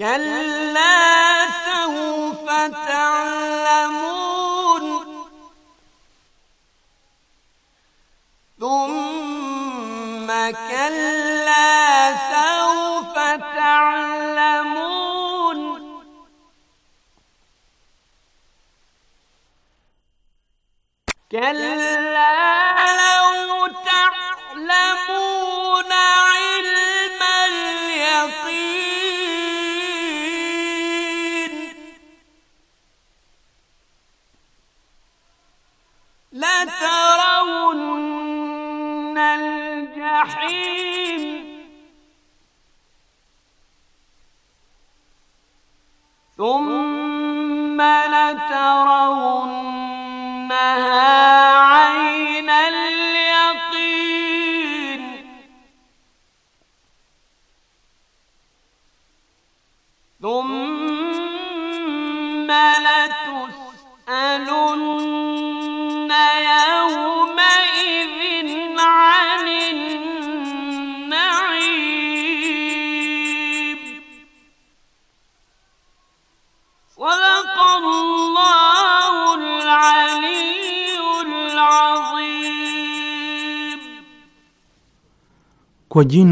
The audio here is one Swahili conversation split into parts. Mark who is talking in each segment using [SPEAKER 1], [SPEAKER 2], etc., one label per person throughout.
[SPEAKER 1] كلا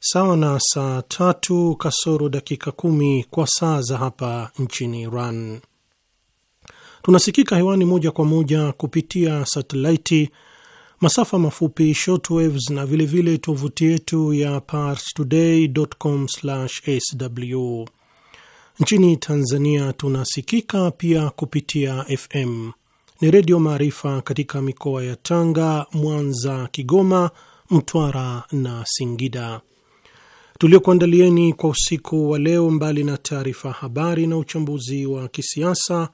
[SPEAKER 2] sawa na saa tatu kasoro dakika kumi kwa saa za hapa nchini Iran. Tunasikika hewani moja kwa moja kupitia satelaiti, masafa mafupi shortwaves na vilevile tovuti yetu ya parstoday.com/sw. Nchini Tanzania tunasikika pia kupitia FM ni Redio Maarifa katika mikoa ya Tanga, Mwanza, Kigoma, Mtwara na Singida tuliokuandalieni kwa usiku wa leo, mbali na taarifa habari na uchambuzi wa kisiasa,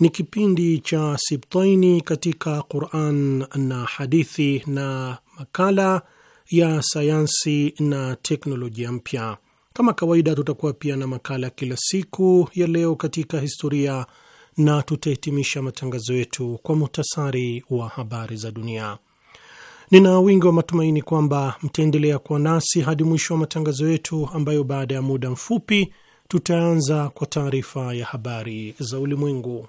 [SPEAKER 2] ni kipindi cha Sibtaini katika Quran na hadithi na makala ya sayansi na teknolojia mpya. Kama kawaida, tutakuwa pia na makala kila siku ya leo katika historia na tutahitimisha matangazo yetu kwa muhtasari wa habari za dunia. Nina wingi wa matumaini kwamba mtaendelea kuwa nasi hadi mwisho wa matangazo yetu, ambayo baada ya muda mfupi tutaanza kwa taarifa ya habari za ulimwengu.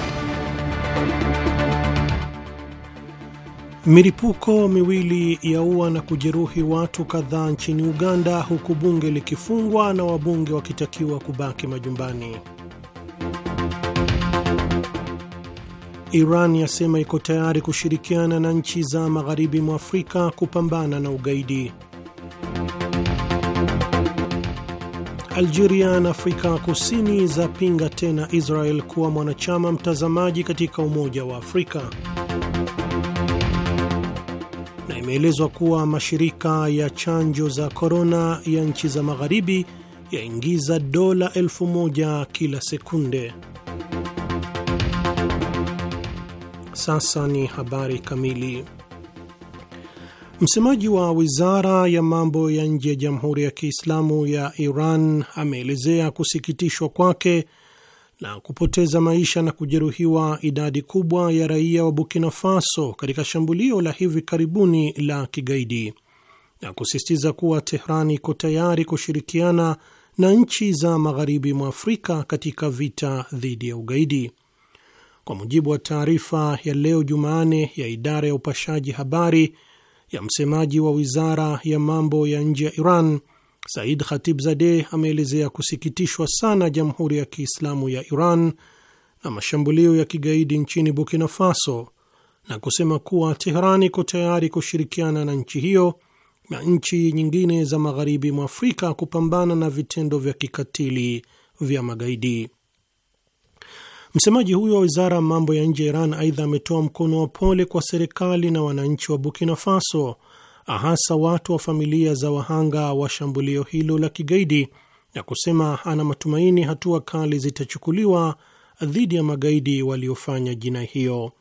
[SPEAKER 2] Milipuko miwili yaua na kujeruhi watu kadhaa nchini Uganda, huku bunge likifungwa na wabunge wakitakiwa kubaki majumbani. Iran yasema iko tayari kushirikiana na nchi za magharibi mwa Afrika kupambana na ugaidi. Algeria na Afrika Kusini zapinga tena Israel kuwa mwanachama mtazamaji katika Umoja wa Afrika imeelezwa kuwa mashirika ya chanjo za korona ya nchi za magharibi yaingiza dola elfu moja kila sekunde. Sasa ni habari kamili. Msemaji wa wizara ya mambo ya nje ya Jamhuri ya Kiislamu ya Iran ameelezea kusikitishwa kwake la kupoteza maisha na kujeruhiwa idadi kubwa ya raia wa Burkina Faso katika shambulio la hivi karibuni la kigaidi na kusisitiza kuwa Tehran iko tayari kushirikiana na nchi za magharibi mwa Afrika katika vita dhidi ya ugaidi. Kwa mujibu wa taarifa ya leo Jumanne ya idara ya upashaji habari ya msemaji wa wizara ya mambo ya nje ya Iran, Said Khatibzadeh ameelezea kusikitishwa sana Jamhuri ya Kiislamu ya Iran na mashambulio ya kigaidi nchini Burkina Faso na kusema kuwa Teherani iko tayari kushirikiana na nchi hiyo na nchi nyingine za magharibi mwa Afrika kupambana na vitendo vya kikatili vya magaidi. Msemaji huyo wa wizara ya mambo ya nje ya Iran aidha ametoa mkono wa pole kwa serikali na wananchi wa Burkina Faso hasa watu wa familia za wahanga wa shambulio hilo la kigaidi na kusema ana matumaini hatua kali zitachukuliwa dhidi ya magaidi waliofanya jinai hiyo.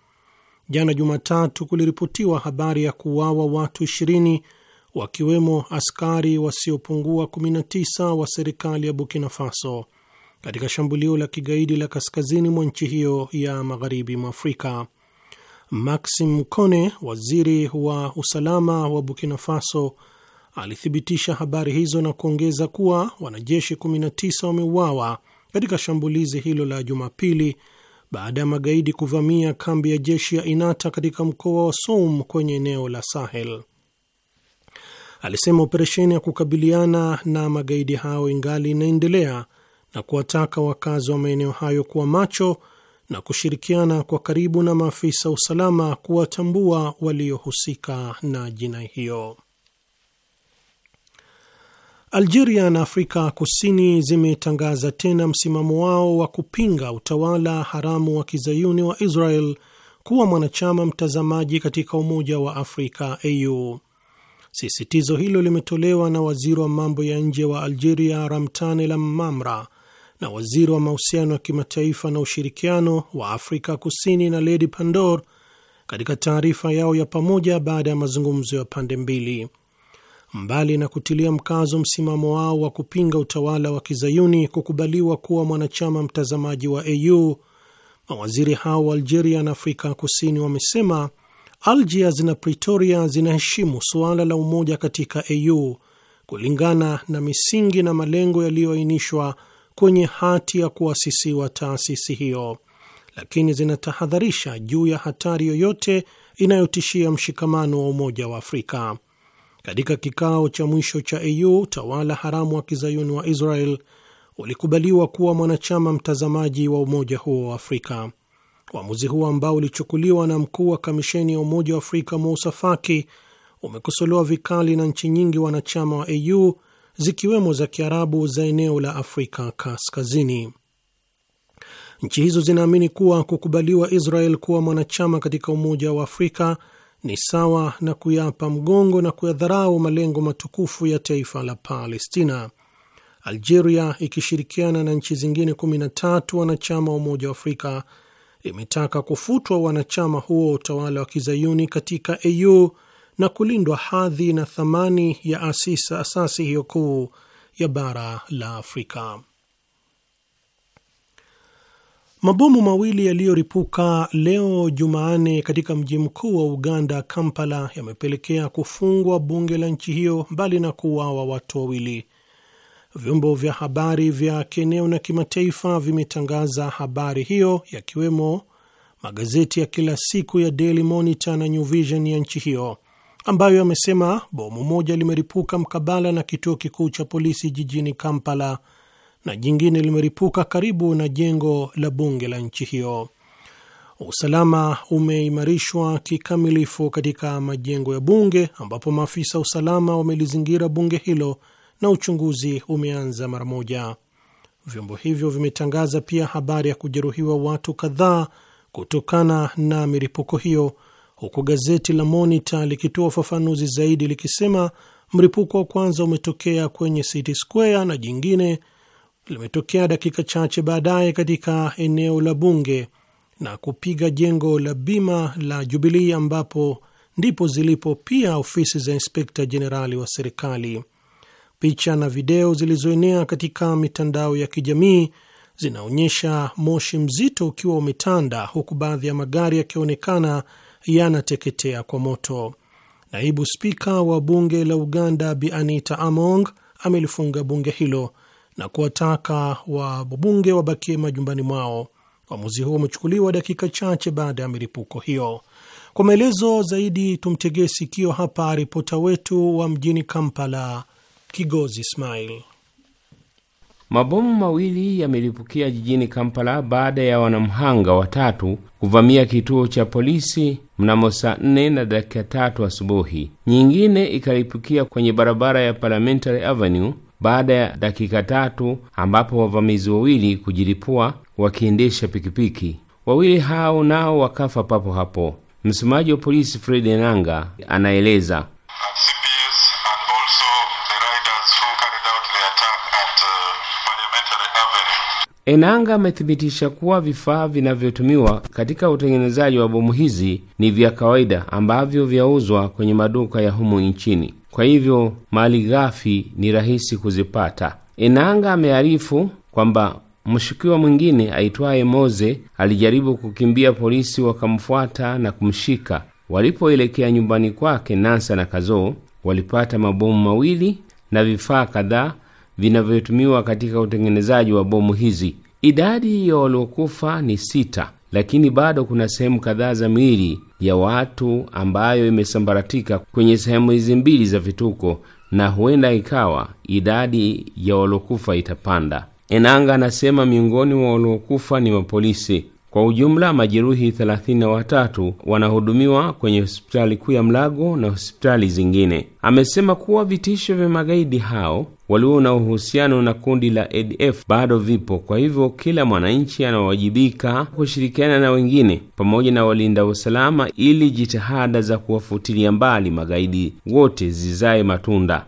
[SPEAKER 2] Jana Jumatatu kuliripotiwa habari ya kuuawa watu 20 wakiwemo askari wasiopungua 19 wa serikali ya Burkina Faso katika shambulio la kigaidi la kaskazini mwa nchi hiyo ya magharibi mwa Afrika. Maxim Kone, waziri wa usalama wa Burkina Faso, alithibitisha habari hizo na kuongeza kuwa wanajeshi 19 wameuawa katika shambulizi hilo la Jumapili baada ya magaidi kuvamia kambi ya jeshi ya Inata katika mkoa wa Soum kwenye eneo la Sahel. Alisema operesheni ya kukabiliana na magaidi hao ingali inaendelea na kuwataka wakazi wa maeneo hayo kuwa macho na kushirikiana kwa karibu na maafisa usalama kuwatambua waliohusika na jinai hiyo. Algeria na Afrika Kusini zimetangaza tena msimamo wao wa kupinga utawala haramu wa kizayuni wa Israel kuwa mwanachama mtazamaji katika Umoja wa Afrika AU. Sisitizo hilo limetolewa na waziri wa mambo ya nje wa Algeria Ramtane Lamamra na waziri wa mahusiano ya kimataifa na ushirikiano wa Afrika Kusini na Lady Pandor katika taarifa yao ya pamoja baada ya mazungumzo ya pande mbili. Mbali na kutilia mkazo msimamo wao wa kupinga utawala wa kizayuni kukubaliwa kuwa mwanachama mtazamaji wa AU, mawaziri hao wa Algeria na Afrika Kusini wamesema Algiers na Pretoria zinaheshimu suala la umoja katika AU kulingana na misingi na malengo yaliyoainishwa kwenye hati ya kuasisiwa taasisi hiyo, lakini zinatahadharisha juu ya hatari yoyote inayotishia mshikamano wa Umoja wa Afrika. Katika kikao cha mwisho cha AU, utawala haramu wa kizayuni wa Israel ulikubaliwa kuwa mwanachama mtazamaji wa umoja huo wa Afrika. Uamuzi huo ambao ulichukuliwa na mkuu wa kamisheni ya Umoja wa Afrika mousafaki Faki umekosolewa vikali na nchi nyingi wanachama wa AU zikiwemo za Kiarabu za eneo la Afrika Kaskazini. Nchi hizo zinaamini kuwa kukubaliwa Israel kuwa mwanachama katika Umoja wa Afrika ni sawa na kuyapa mgongo na kuyadharau malengo matukufu ya taifa la Palestina. Algeria ikishirikiana na nchi zingine 13 wanachama wa Umoja wa Afrika imetaka kufutwa wanachama huo utawala wa kizayuni katika AU na kulindwa hadhi na thamani ya asisa asasi hiyo kuu ya bara la Afrika. Mabomu mawili yaliyoripuka leo Jumanne katika mji mkuu wa Uganda, Kampala, yamepelekea kufungwa bunge la nchi hiyo mbali na kuuawa watu wawili. Vyombo vya habari vya kieneo na kimataifa vimetangaza habari hiyo, yakiwemo magazeti ya kila siku ya Daily Monitor na New Vision ya nchi hiyo ambayo amesema bomu moja limeripuka mkabala na kituo kikuu cha polisi jijini Kampala na jingine limeripuka karibu na jengo la bunge la nchi hiyo. Usalama umeimarishwa kikamilifu katika majengo ya bunge ambapo maafisa usalama wamelizingira bunge hilo na uchunguzi umeanza mara moja. Vyombo hivyo vimetangaza pia habari ya kujeruhiwa watu kadhaa kutokana na milipuko hiyo huku gazeti la Monita likitoa ufafanuzi zaidi likisema mripuko wa kwanza umetokea kwenye City Square na jingine limetokea dakika chache baadaye katika eneo la bunge na kupiga jengo la bima la Jubilii ambapo ndipo zilipo pia ofisi za inspekta jenerali wa serikali. Picha na video zilizoenea katika mitandao ya kijamii zinaonyesha moshi mzito ukiwa umetanda, huku baadhi ya magari yakionekana yanateketea kwa moto. Naibu spika wa bunge la Uganda Bi Anita Among amelifunga bunge hilo na kuwataka wabunge wabakie majumbani mwao. Uamuzi huo umechukuliwa dakika chache baada ya milipuko hiyo. Kwa maelezo zaidi, tumtegee sikio hapa ripota wetu wa mjini Kampala, Kigozi Ismail.
[SPEAKER 3] Mabomu mawili yamelipukia jijini Kampala baada ya wanamhanga watatu kuvamia kituo cha polisi mnamo saa nne na dakika tatu asubuhi. Nyingine ikalipukia kwenye barabara ya Parliamentary Avenue baada ya dakika tatu, ambapo wavamizi wawili kujilipua wakiendesha pikipiki. Wawili hao nao wakafa papo hapo. Msemaji wa polisi Fred Enanga anaeleza Enanga amethibitisha kuwa vifaa vinavyotumiwa katika utengenezaji wa bomu hizi ni vya kawaida ambavyo vyauzwa kwenye maduka ya humu nchini, kwa hivyo mali ghafi ni rahisi kuzipata. Enanga amearifu kwamba mshukiwa mwingine aitwaye Moze alijaribu kukimbia, polisi wakamfuata na kumshika. Walipoelekea nyumbani kwake Nansa na Kazoo walipata mabomu mawili na vifaa kadhaa vinavyotumiwa katika utengenezaji wa bomu hizi. Idadi ya waliokufa ni sita, lakini bado kuna sehemu kadhaa za miili ya watu ambayo imesambaratika kwenye sehemu hizi mbili za vituko, na huenda ikawa idadi ya waliokufa itapanda. Enanga anasema miongoni mwa waliokufa ni mapolisi kwa ujumla majeruhi 33 wanahudumiwa kwenye hospitali kuu ya Mlago na hospitali zingine. Amesema kuwa vitisho vya magaidi hao walio na uhusiano na kundi la ADF bado vipo, kwa hivyo kila mwananchi anawajibika kushirikiana na wengine pamoja na walinda usalama ili jitihada za kuwafutilia mbali magaidi wote zizae matunda.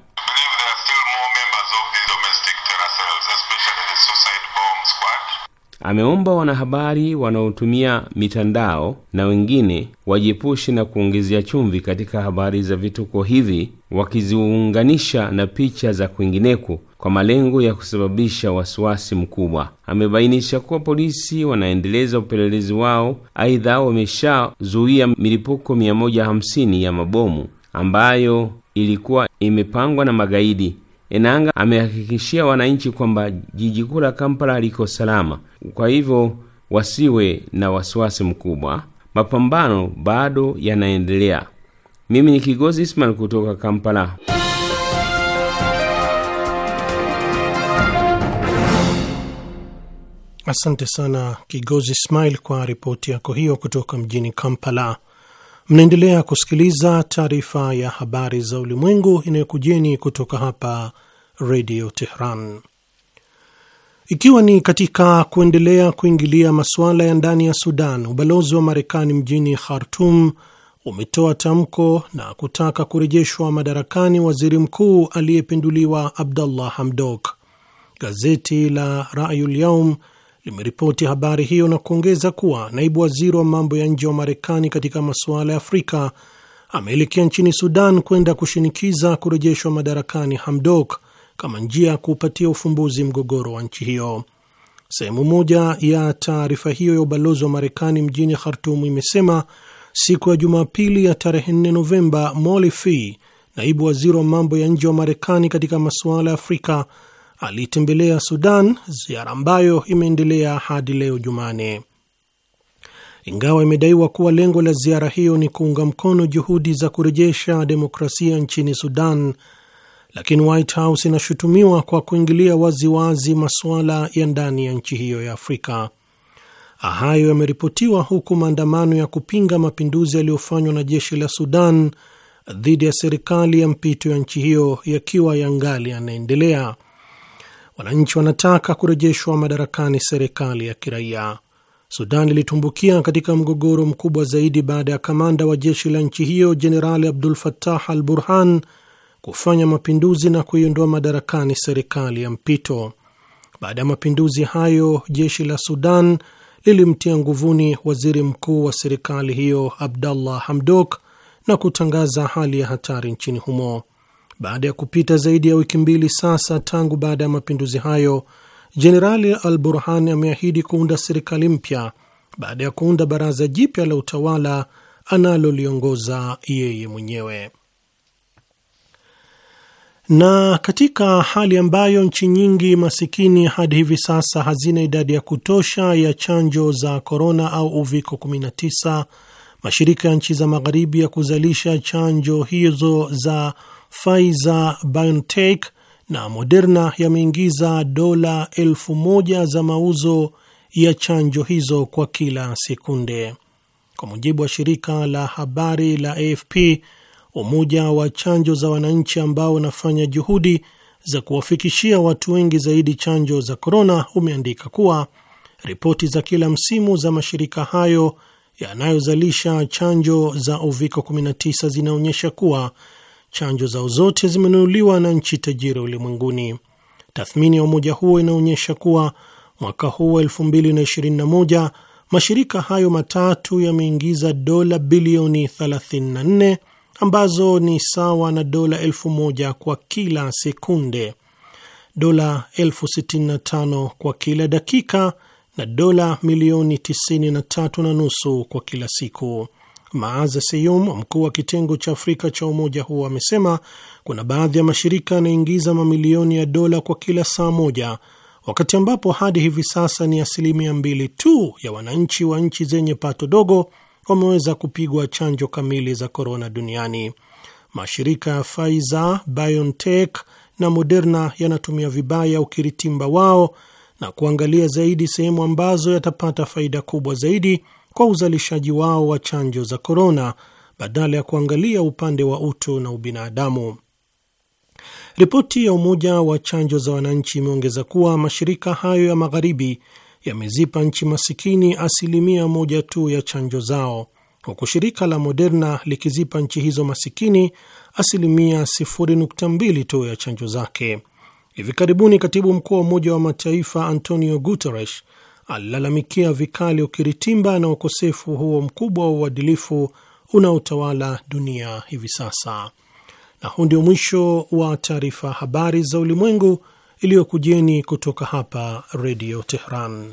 [SPEAKER 3] Ameomba wanahabari wanaotumia mitandao na wengine wajiepushe na kuongezea chumvi katika habari za vituko hivi, wakiziunganisha na picha za kwingineko kwa malengo ya kusababisha wasiwasi mkubwa. Amebainisha kuwa polisi wanaendeleza upelelezi wao. Aidha, wameshazuia milipuko 150 ya mabomu ambayo ilikuwa imepangwa na magaidi Enanga amehakikishia wananchi kwamba jiji kuu la Kampala liko salama, kwa hivyo wasiwe na wasiwasi mkubwa. Mapambano bado yanaendelea. Mimi ni Kigozi Ismail kutoka Kampala.
[SPEAKER 2] Asante sana Kigozi Ismail kwa ripoti yako hiyo kutoka mjini Kampala. Mnaendelea kusikiliza taarifa ya habari za ulimwengu inayokujeni kutoka hapa Redio Tehran. Ikiwa ni katika kuendelea kuingilia masuala ya ndani ya Sudan, ubalozi wa Marekani mjini Khartum umetoa tamko na kutaka kurejeshwa madarakani waziri mkuu aliyepinduliwa Abdullah Hamdok. Gazeti la Rayul Yaum limeripoti habari hiyo na kuongeza kuwa naibu waziri wa mambo ya nje wa Marekani katika masuala ya Afrika ameelekea nchini Sudan kwenda kushinikiza kurejeshwa madarakani Hamdok kama njia ya kuupatia ufumbuzi mgogoro wa nchi hiyo. Sehemu moja ya taarifa hiyo ya ubalozi wa Marekani mjini Khartum imesema siku ya Jumapili ya tarehe 4 Novemba, Molly Fee, naibu waziri wa mambo ya nje wa Marekani katika masuala ya Afrika, alitembelea Sudan, ziara ambayo imeendelea hadi leo Jumane. Ingawa imedaiwa kuwa lengo la ziara hiyo ni kuunga mkono juhudi za kurejesha demokrasia nchini Sudan, lakini White House inashutumiwa kwa kuingilia waziwazi masuala ya ndani ya nchi hiyo ya Afrika. Hayo yameripotiwa huku maandamano ya kupinga mapinduzi yaliyofanywa na jeshi la Sudan dhidi ya serikali ya mpito ya nchi hiyo yakiwa yangali yanaendelea Wananchi wanataka kurejeshwa madarakani serikali ya kiraia. Sudan ilitumbukia katika mgogoro mkubwa zaidi baada ya kamanda wa jeshi la nchi hiyo Jenerali Abdul fatah al Burhan kufanya mapinduzi na kuiondoa madarakani serikali ya mpito. Baada ya mapinduzi hayo, jeshi la Sudan lilimtia nguvuni waziri mkuu wa serikali hiyo Abdallah Hamdok na kutangaza hali ya hatari nchini humo. Baada ya kupita zaidi ya wiki mbili sasa tangu baada ya mapinduzi hayo, Jenerali Al Burhan ameahidi kuunda serikali mpya baada ya kuunda baraza jipya la utawala analoliongoza yeye mwenyewe. Na katika hali ambayo nchi nyingi masikini hadi hivi sasa hazina idadi ya kutosha ya chanjo za korona au uviko 19, mashirika ya nchi za magharibi ya kuzalisha chanjo hizo za Pfizer BioNTech na Moderna yameingiza dola elfu moja za mauzo ya chanjo hizo kwa kila sekunde. Kwa mujibu wa shirika la habari la AFP, umoja wa chanjo za wananchi ambao unafanya juhudi za kuwafikishia watu wengi zaidi chanjo za korona umeandika kuwa ripoti za kila msimu za mashirika hayo yanayozalisha chanjo za uviko 19 zinaonyesha kuwa Chanjo zao zote zimenunuliwa na nchi tajiri ulimwenguni. Tathmini ya umoja huo inaonyesha kuwa mwaka huu wa 2021 mashirika hayo matatu yameingiza dola bilioni 34 ambazo ni sawa na dola elfu moja kwa kila sekunde, dola elfu sitini na tano kwa kila dakika na dola milioni 93 na nusu kwa kila siku. Maaz Seyum, mkuu wa kitengo cha Afrika cha umoja huo, amesema kuna baadhi ya mashirika yanaingiza mamilioni ya dola kwa kila saa moja, wakati ambapo hadi hivi sasa ni asilimia mbili tu ya wananchi wa nchi zenye pato dogo wameweza kupigwa chanjo kamili za korona duniani. Mashirika ya Pfizer, BioNTech na Moderna yanatumia vibaya ukiritimba wao na kuangalia zaidi sehemu ambazo yatapata faida kubwa zaidi kwa uzalishaji wao wa chanjo za korona badala ya kuangalia upande wa utu na ubinadamu. Ripoti ya Umoja wa Chanjo za Wananchi imeongeza kuwa mashirika hayo ya magharibi yamezipa nchi masikini asilimia moja tu ya chanjo zao huku shirika la Moderna likizipa nchi hizo masikini asilimia 0.2 tu ya chanjo zake. Hivi karibuni katibu mkuu wa Umoja wa Mataifa Antonio Guterres alilalamikia vikali ukiritimba na ukosefu huo mkubwa wa uadilifu unaotawala dunia hivi sasa. Na huu ndio mwisho wa taarifa habari za ulimwengu iliyokujeni kutoka hapa Redio Tehran.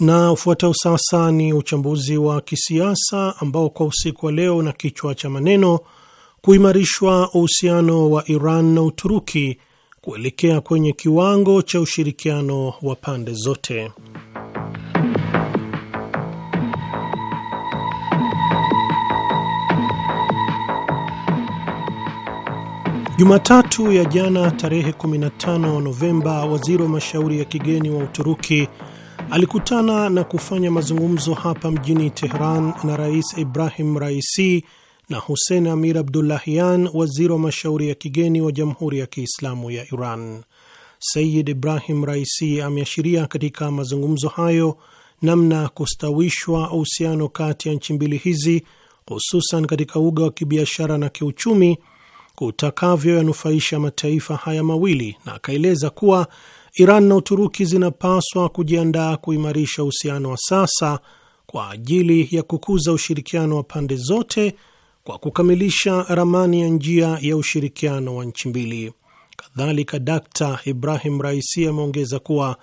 [SPEAKER 2] Na ufuatao sasa ni uchambuzi wa kisiasa ambao kwa usiku wa leo na kichwa cha maneno kuimarishwa uhusiano wa Iran na Uturuki kuelekea kwenye kiwango cha ushirikiano wa pande zote. Jumatatu ya jana tarehe 15 Novemba, waziri wa mashauri ya kigeni wa Uturuki alikutana na kufanya mazungumzo hapa mjini Tehran na Rais Ibrahim Raisi na Hussein Amir Abdullahian, waziri wa mashauri ya kigeni wa Jamhuri ya Kiislamu ya Iran. Sayid Ibrahim Raisi ameashiria katika mazungumzo hayo namna ya kustawishwa uhusiano kati ya nchi mbili hizi, hususan katika uga wa kibiashara na kiuchumi, kutakavyo yanufaisha mataifa haya mawili, na akaeleza kuwa Iran na Uturuki zinapaswa kujiandaa kuimarisha uhusiano wa sasa kwa ajili ya kukuza ushirikiano wa pande zote kwa kukamilisha ramani ya njia ya ushirikiano wa nchi mbili. Kadhalika, Dkta Ibrahim Raisi ameongeza kuwa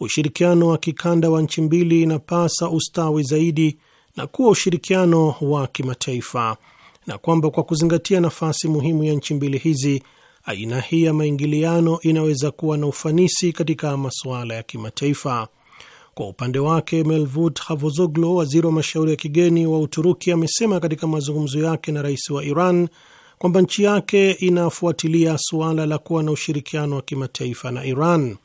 [SPEAKER 2] ushirikiano wa kikanda wa nchi mbili inapasa ustawi zaidi na kuwa ushirikiano wa kimataifa na kwamba kwa kuzingatia nafasi muhimu ya nchi mbili hizi Aina hii ya maingiliano inaweza kuwa na ufanisi katika masuala ya kimataifa. Kwa upande wake, Mevlut Cavusoglu, waziri wa mashauri ya kigeni wa Uturuki, amesema katika mazungumzo yake na rais wa Iran kwamba nchi yake inafuatilia suala la kuwa na ushirikiano wa kimataifa na Iran,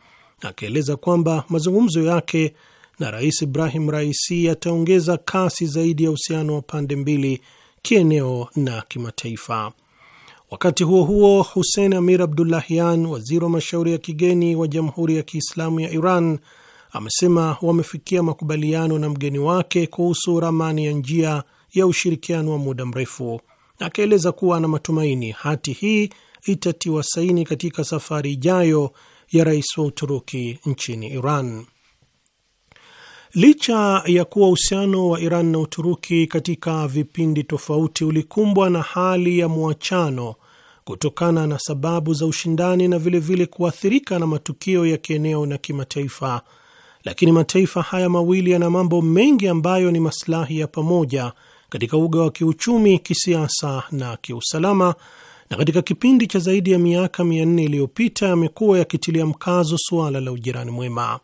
[SPEAKER 2] akieleza kwamba mazungumzo yake na Rais Ibrahim Raisi yataongeza kasi zaidi ya uhusiano wa pande mbili kieneo na kimataifa. Wakati huo huo, Hussein Amir Abdullahian, waziri wa mashauri ya kigeni wa Jamhuri ya Kiislamu ya Iran, amesema wamefikia makubaliano na mgeni wake kuhusu ramani ya njia ya ushirikiano wa muda mrefu, na akaeleza kuwa ana matumaini hati hii itatiwa saini katika safari ijayo ya rais wa Uturuki nchini Iran. Licha ya kuwa uhusiano wa Iran na Uturuki katika vipindi tofauti ulikumbwa na hali ya mwachano kutokana na sababu za ushindani na vilevile vile kuathirika na matukio ya kieneo na kimataifa, lakini mataifa haya mawili yana mambo mengi ambayo ni masilahi ya pamoja katika uga wa kiuchumi, kisiasa na kiusalama, na katika kipindi cha zaidi ya miaka mia nne iliyopita yamekuwa yakitilia mkazo suala la ujirani mwema.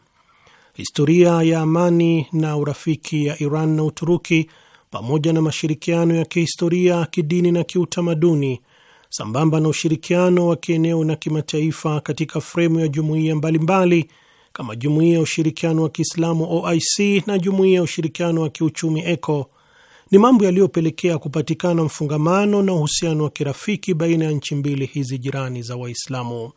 [SPEAKER 2] Historia ya amani na urafiki ya Iran na Uturuki pamoja na mashirikiano ya kihistoria, kidini na kiutamaduni sambamba na ushirikiano wa kieneo na kimataifa katika fremu ya jumuiya mbalimbali kama Jumuiya ya Ushirikiano wa Kiislamu OIC na Jumuiya ya Ushirikiano wa Kiuchumi ECO ni mambo yaliyopelekea kupatikana mfungamano na uhusiano wa kirafiki baina ya nchi mbili hizi jirani za Waislamu.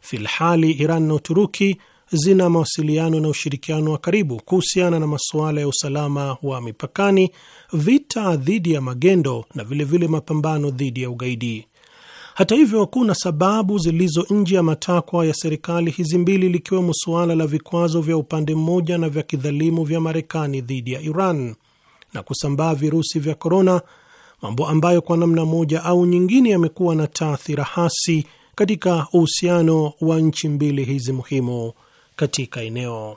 [SPEAKER 2] Filhali Iran na Uturuki zina mawasiliano na ushirikiano wa karibu kuhusiana na masuala ya usalama wa mipakani, vita dhidi ya magendo na vilevile vile mapambano dhidi ya ugaidi. Hata hivyo, kuna sababu zilizo nje ya matakwa ya serikali hizi mbili, likiwemo suala la vikwazo vya upande mmoja na vya kidhalimu vya Marekani dhidi ya Iran na kusambaa virusi vya korona, mambo ambayo kwa namna moja au nyingine yamekuwa na taathira hasi katika uhusiano wa nchi mbili hizi muhimu katika eneo.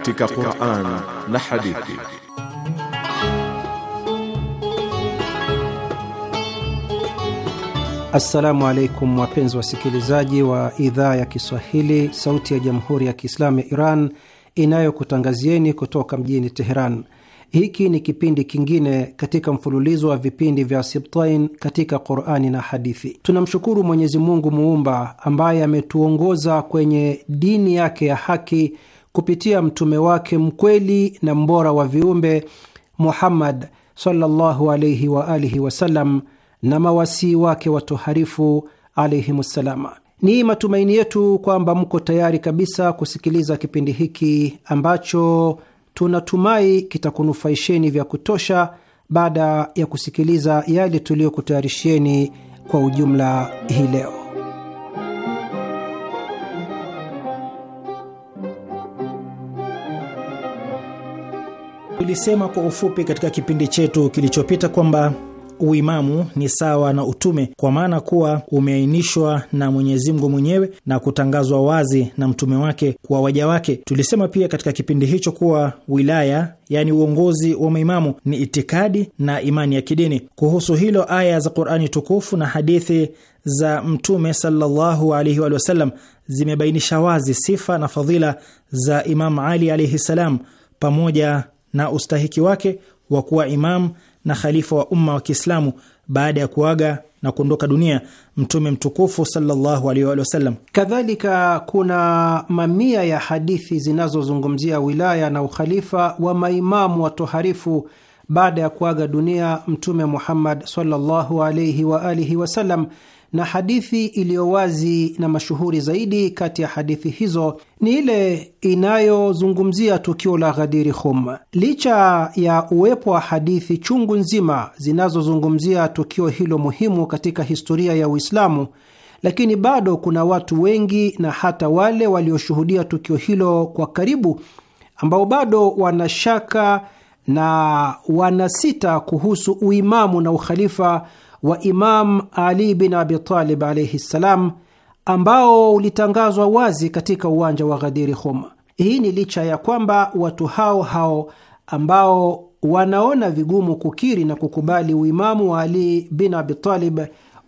[SPEAKER 4] katika Qur'an na hadithi.
[SPEAKER 5] Assalamu alaikum wapenzi wasikilizaji wa idhaa ya Kiswahili sauti ya Jamhuri ya Kiislamu ya Iran inayokutangazieni kutoka mjini Teheran. Hiki ni kipindi kingine katika mfululizo wa vipindi vya Sibtain katika Qurani na hadithi. Tunamshukuru Mwenyezi Mungu muumba ambaye ametuongoza kwenye dini yake ya haki kupitia mtume wake mkweli na mbora wa viumbe Muhammad sallallahu alayhi wa alihi wasallam na mawasii wake watoharifu alayhimussalama. Ni matumaini yetu kwamba mko tayari kabisa kusikiliza kipindi hiki ambacho tunatumai kitakunufaisheni vya kutosha baada ya kusikiliza yale tuliyokutayarishieni kwa ujumla hii leo.
[SPEAKER 6] Tulisema kwa ufupi katika kipindi chetu kilichopita kwamba uimamu ni sawa na utume kwa maana kuwa umeainishwa na Mwenyezi Mungu mwenyewe na kutangazwa wazi na mtume wake kwa waja wake. Tulisema pia katika kipindi hicho kuwa wilaya, yaani uongozi wa maimamu, ni itikadi na imani ya kidini. Kuhusu hilo, aya za Qur'ani tukufu na hadithi za Mtume sallallahu alaihi zimebainisha wazi sifa na fadhila za imamu Ali alaihi salam pamoja na ustahiki wake wa kuwa imam na khalifa wa umma wa Kiislamu baada ya kuaga na kuondoka dunia mtume mtukufu sallallahu alaihi wa sallam. Kadhalika,
[SPEAKER 5] kuna mamia ya hadithi zinazozungumzia wilaya na ukhalifa wa maimamu watoharifu baada ya kuaga dunia mtume Muhammad sallallahu alaihi wa alihi wasallam na hadithi iliyo wazi na mashuhuri zaidi kati ya hadithi hizo ni ile inayozungumzia tukio la ghadiri Khum. Licha ya uwepo wa hadithi chungu nzima zinazozungumzia tukio hilo muhimu katika historia ya Uislamu, lakini bado kuna watu wengi na hata wale walioshuhudia tukio hilo kwa karibu ambao bado wanashaka na wanasita kuhusu uimamu na ukhalifa wa Imam Ali bin Abi Talib alaihi ssalam, ambao ulitangazwa wazi katika uwanja wa Ghadiri Khum. Hii ni licha ya kwamba watu hao hao ambao wanaona vigumu kukiri na kukubali uimamu wa Ali bin Abi Talib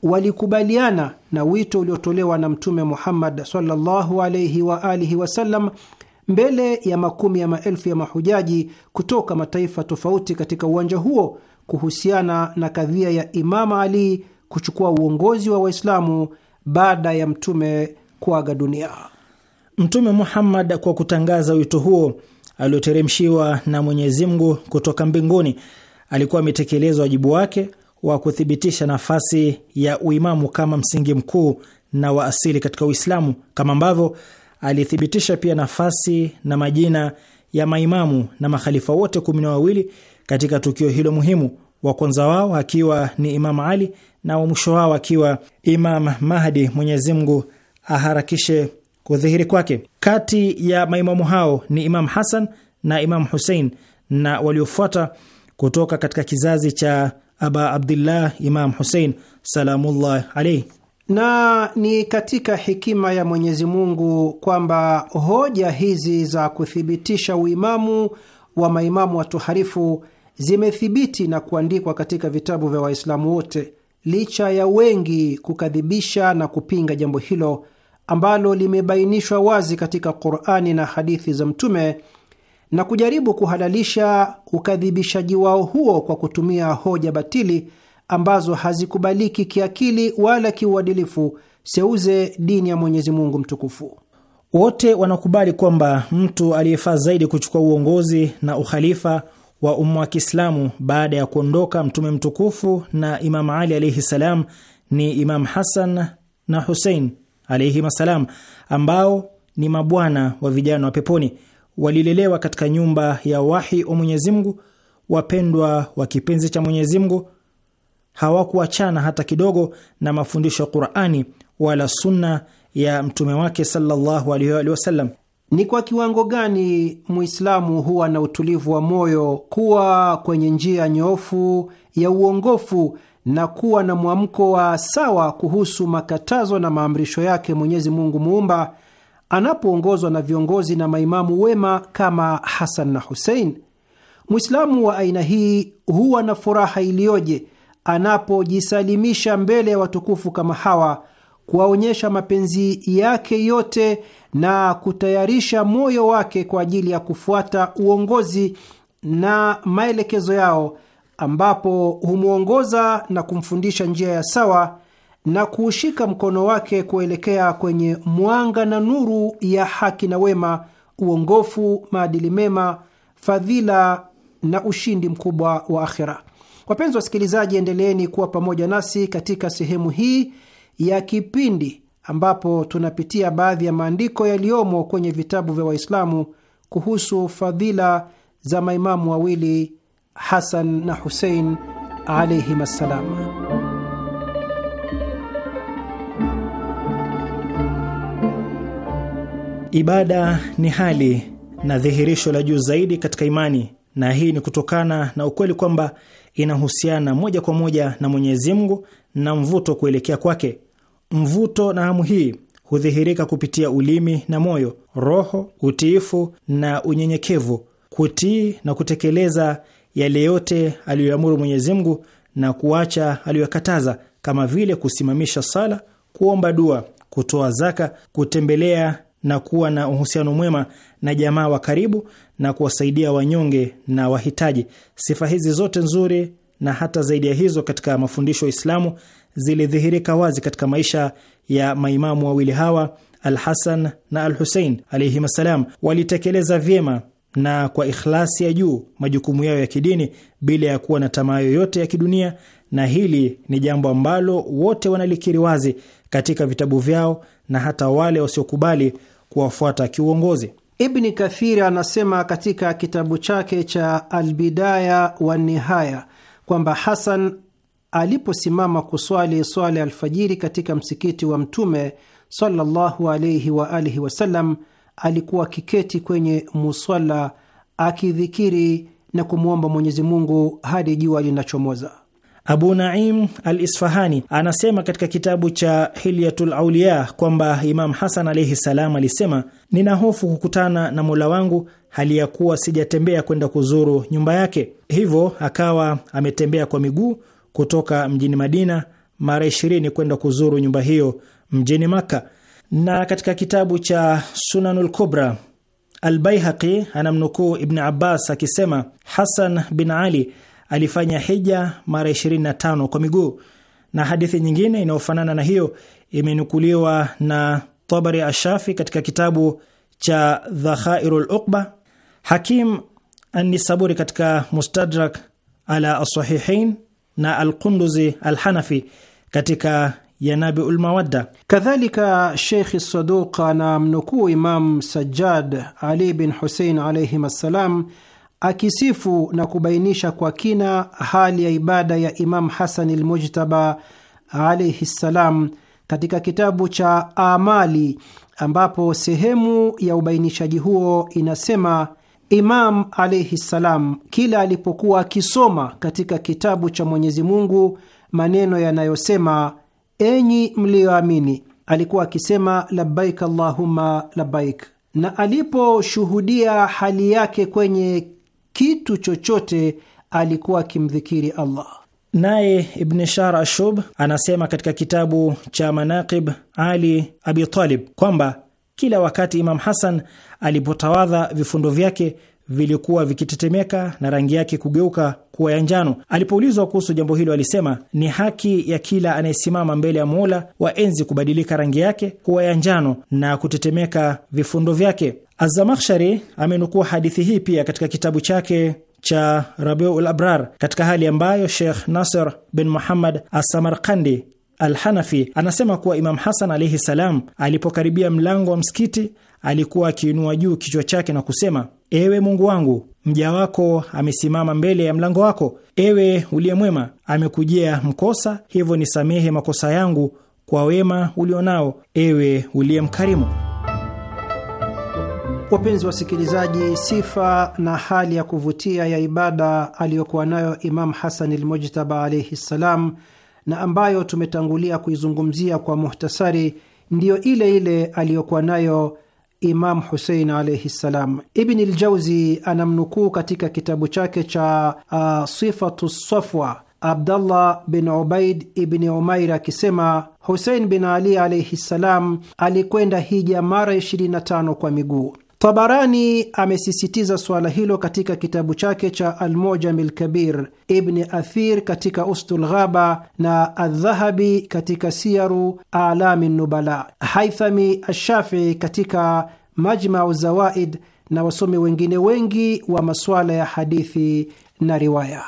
[SPEAKER 5] walikubaliana na wito uliotolewa na Mtume Muhammad sallallahu alaihi wa alihi wasallam mbele ya makumi ya maelfu ya mahujaji kutoka mataifa tofauti katika uwanja huo kuhusiana na kadhia ya Imam
[SPEAKER 6] Ali kuchukua uongozi wa Waislamu baada ya mtume kuaga dunia. Mtume Muhammad, kwa kutangaza wito huo alioteremshiwa na Mwenyezi Mungu kutoka mbinguni, alikuwa ametekeleza wajibu wake wa kuthibitisha nafasi ya uimamu kama msingi mkuu na wa asili katika Uislamu, kama ambavyo alithibitisha pia nafasi na majina ya maimamu na makhalifa wote kumi na wawili katika tukio hilo muhimu wa kwanza wao akiwa ni Imam Ali na wa mwisho wao akiwa Imam Mahdi, Mwenyezi Mungu aharakishe kudhihiri kwake. Kati ya maimamu hao ni Imam Hasan na Imam Husein na waliofuata kutoka katika kizazi cha Aba Abdillah Imam Husein salamullah alaihi.
[SPEAKER 5] Na ni katika hekima ya Mwenyezi Mungu kwamba hoja hizi za kuthibitisha uimamu wa maimamu watoharifu zimethibiti na kuandikwa katika vitabu vya Waislamu wote licha ya wengi kukadhibisha na kupinga jambo hilo ambalo limebainishwa wazi katika Qur'ani na hadithi za Mtume na kujaribu kuhalalisha ukadhibishaji wao huo kwa kutumia hoja batili ambazo
[SPEAKER 6] hazikubaliki kiakili wala kiuadilifu, seuze dini ya Mwenyezi Mungu mtukufu. Wote wanakubali kwamba mtu aliyefaa zaidi kuchukua uongozi na ukhalifa wa umma wa Kiislamu baada ya kuondoka mtume mtukufu na Imam Ali alaihi salam ni Imam Hasan na Husein alaihim assalam, ambao ni mabwana wa vijana wa peponi. Walilelewa katika nyumba ya wahi wa Mwenyezi Mungu, wapendwa wa kipenzi cha Mwenyezi Mungu. Hawakuachana hata kidogo na mafundisho ya Qurani wala sunna ya mtume wake sallallahu alaihi wa ni kwa kiwango gani Muislamu huwa na utulivu wa
[SPEAKER 5] moyo kuwa kwenye njia nyoofu ya uongofu na kuwa na mwamko wa sawa kuhusu makatazo na maamrisho yake Mwenyezi Mungu muumba anapoongozwa na viongozi na maimamu wema kama Hasan na Husein. Mwislamu wa aina hii huwa na furaha iliyoje anapojisalimisha mbele ya watukufu kama hawa, kuwaonyesha mapenzi yake yote na kutayarisha moyo wake kwa ajili ya kufuata uongozi na maelekezo yao, ambapo humwongoza na kumfundisha njia ya sawa na kuushika mkono wake kuelekea kwenye mwanga na nuru ya haki na wema, uongofu, maadili mema, fadhila na ushindi mkubwa wa akhira. Wapenzi wasikilizaji, endeleeni kuwa pamoja nasi katika sehemu hii ya kipindi ambapo tunapitia baadhi ya maandiko yaliyomo kwenye vitabu vya Waislamu kuhusu fadhila za maimamu wawili Hasan na Husein alaihim assalam.
[SPEAKER 6] Ibada ni hali na dhihirisho la juu zaidi katika imani, na hii ni kutokana na ukweli kwamba inahusiana moja kwa moja na Mwenyezi Mungu na mvuto kuelekea kwake. Mvuto na hamu hii hudhihirika kupitia ulimi na moyo, roho, utiifu na unyenyekevu, kutii na kutekeleza yale yote aliyoamuru Mwenyezi Mungu na kuacha aliyokataza, kama vile kusimamisha sala, kuomba dua, kutoa zaka, kutembelea na kuwa na uhusiano mwema na jamaa wa karibu na kuwasaidia wanyonge na wahitaji. Sifa hizi zote nzuri na hata zaidi ya hizo katika mafundisho ya Islamu zilidhihirika wazi katika maisha ya maimamu wawili hawa Al-Hasan na alhusein alaihim assalam. Walitekeleza vyema na kwa ikhlasi ya juu majukumu yao ya kidini bila ya kuwa na tamaa yoyote ya kidunia, na hili ni jambo ambalo wote wanalikiri wazi katika vitabu vyao na hata wale wasiokubali kuwafuata kiuongozi. Ibni Kathiri anasema katika kitabu chake
[SPEAKER 5] cha Albidaya wa Nihaya kwamba Hasan aliposimama kuswali swala ya alfajiri katika msikiti wa Mtume sallallahu alayhi wa alihi wasallam, alikuwa akiketi kwenye muswala akidhikiri
[SPEAKER 6] na kumwomba Mwenyezi Mungu hadi jua linachomoza. Abu Naim al-Isfahani anasema katika kitabu cha Hilyatul Auliya kwamba Imam Hasan alaihi salam alisema, nina hofu kukutana na Mola wangu hali ya kuwa sijatembea kwenda kuzuru nyumba yake, hivyo akawa ametembea kwa miguu kutoka mjini Madina mara 20 kwenda kuzuru nyumba hiyo mjini Makka. Na katika kitabu cha Sunanul Kubra, Albaihaqi anamnukuu Ibn Abbas akisema Hasan bin Ali alifanya hija mara 25 kwa miguu, na hadithi nyingine inayofanana na hiyo imenukuliwa na Tabari Ashafi katika kitabu cha Dhakhairu Uqba, Hakim Anisaburi katika Mustadrak ala Asahihain na Alqunduzi Alhanafi katika Yanabi Ulmawadda. Kadhalika, Sheikh Saduq na
[SPEAKER 5] mnukuu Imam Sajjad Ali bin Husein alaihim assalam akisifu na kubainisha kwa kina hali ya ibada ya Imam Hasan lmujtaba alaihi ssalam katika kitabu cha Amali, ambapo sehemu ya ubainishaji huo inasema Imam alaihi ssalam kila alipokuwa akisoma katika kitabu cha Mwenyezi Mungu maneno yanayosema enyi mliyoamini, alikuwa akisema labbaik allahumma labbaik, na aliposhuhudia hali yake kwenye kitu
[SPEAKER 6] chochote alikuwa akimdhikiri Allah. Naye Ibn shahr Ashub anasema katika kitabu cha Manaqib Ali Abi Talib kwamba kila wakati Imam Hasan alipotawadha vifundo vyake vilikuwa vikitetemeka na rangi yake kugeuka kuwa ya njano. Alipoulizwa kuhusu jambo hilo, alisema ni haki ya kila anayesimama mbele ya Mola wa enzi kubadilika rangi yake kuwa ya njano na kutetemeka vifundo vyake. Azamakhshari amenukua hadithi hii pia katika kitabu chake cha Rabiul Abrar katika hali ambayo Sheikh Nasr bin Muhammad Asamarkandi alhanafi anasema kuwa Imam Hasan alaihi salam alipokaribia mlango wa msikiti alikuwa akiinua juu kichwa chake na kusema: ewe Mungu wangu, mja wako amesimama mbele ya mlango wako. Ewe uliye mwema amekujia mkosa, hivyo nisamehe makosa yangu kwa wema ulionao, ewe uliyemkarimu.
[SPEAKER 5] Wapenzi wasikilizaji, sifa na hali ya kuvutia ya ibada aliyokuwa nayo Imam Hasan Almujtaba alaihi ssalam na ambayo tumetangulia kuizungumzia kwa muhtasari ndiyo ile ile aliyokuwa nayo Imam Husein alaihi ssalam. Ibni Ljauzi anamnukuu katika kitabu chake cha uh, Sifatu Safwa Abdallah bin Ubaid ibni Umair akisema Husein bin Ali alaihi ssalam alikwenda hija mara 25 kwa miguu. Tabarani amesisitiza suala hilo katika kitabu chake cha Almujamil Kabir, Ibni Athir katika Ustul Ghaba na Aldhahabi katika Siyaru Alami Nubala, Haithami Ashafii
[SPEAKER 6] katika
[SPEAKER 5] Majmau Zawaid na wasomi wengine wengi wa masuala ya hadithi na riwaya.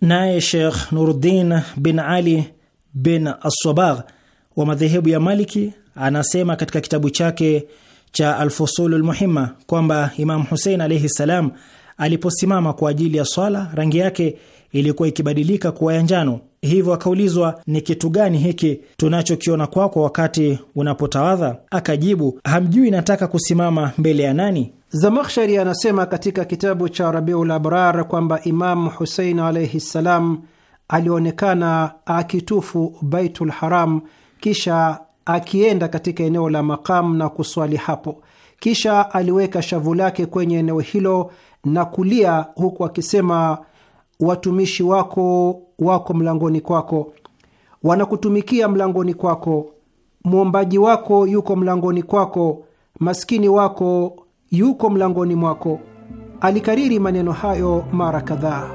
[SPEAKER 6] Naye Shekh Nuruddin bin Ali bin Assabagh wa madhehebu ya Maliki anasema katika kitabu chake cha alfusul lmuhima kwamba Imamu Husein alaihi ssalam aliposimama kwa ajili ya swala rangi yake ilikuwa ikibadilika kuwa ya njano. Hivyo akaulizwa, ni kitu gani hiki tunachokiona kwako wakati unapotawadha? Akajibu, hamjui nataka kusimama mbele ya nani? Zamakhshari anasema katika kitabu cha
[SPEAKER 5] Rabiul Abrar kwamba Imamu Husein alaihi ssalam alionekana akitufu Baitul Haram, kisha akienda katika eneo la makamu na kuswali hapo. Kisha aliweka shavu lake kwenye eneo hilo na kulia huku akisema, watumishi wako wako mlangoni kwako, wanakutumikia mlangoni kwako, mwombaji wako yuko mlangoni kwako, maskini wako yuko mlangoni mwako. Alikariri maneno hayo mara
[SPEAKER 6] kadhaa.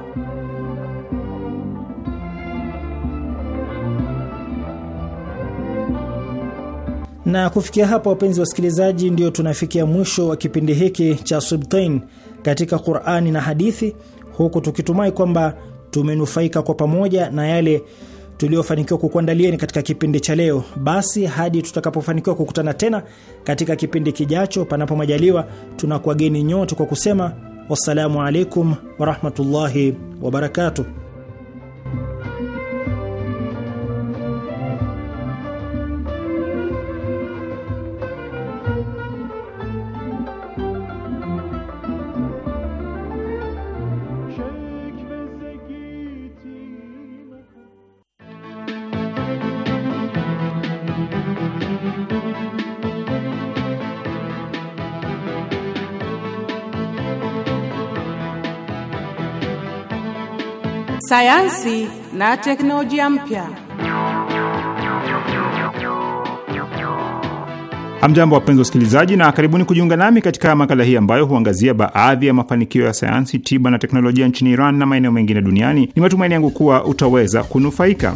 [SPEAKER 6] Na kufikia hapa, wapenzi wasikilizaji, ndio tunafikia mwisho wa kipindi hiki cha Sibtain katika Qur'ani na hadithi, huku tukitumai kwamba tumenufaika kwa pamoja na yale tuliofanikiwa kukuandalieni katika kipindi cha leo. Basi hadi tutakapofanikiwa kukutana tena katika kipindi kijacho, panapo majaliwa, tunakuwageni nyote kwa kusema wassalamu alaikum warahmatullahi wabarakatuh.
[SPEAKER 3] sayansi na teknolojia mpya.
[SPEAKER 4] Hamjambo, wapenzi wasikilizaji, na karibuni kujiunga nami katika makala hii ambayo huangazia baadhi ya mafanikio ya sayansi, tiba na teknolojia nchini Iran na maeneo mengine duniani. Ni matumaini yangu kuwa utaweza kunufaika.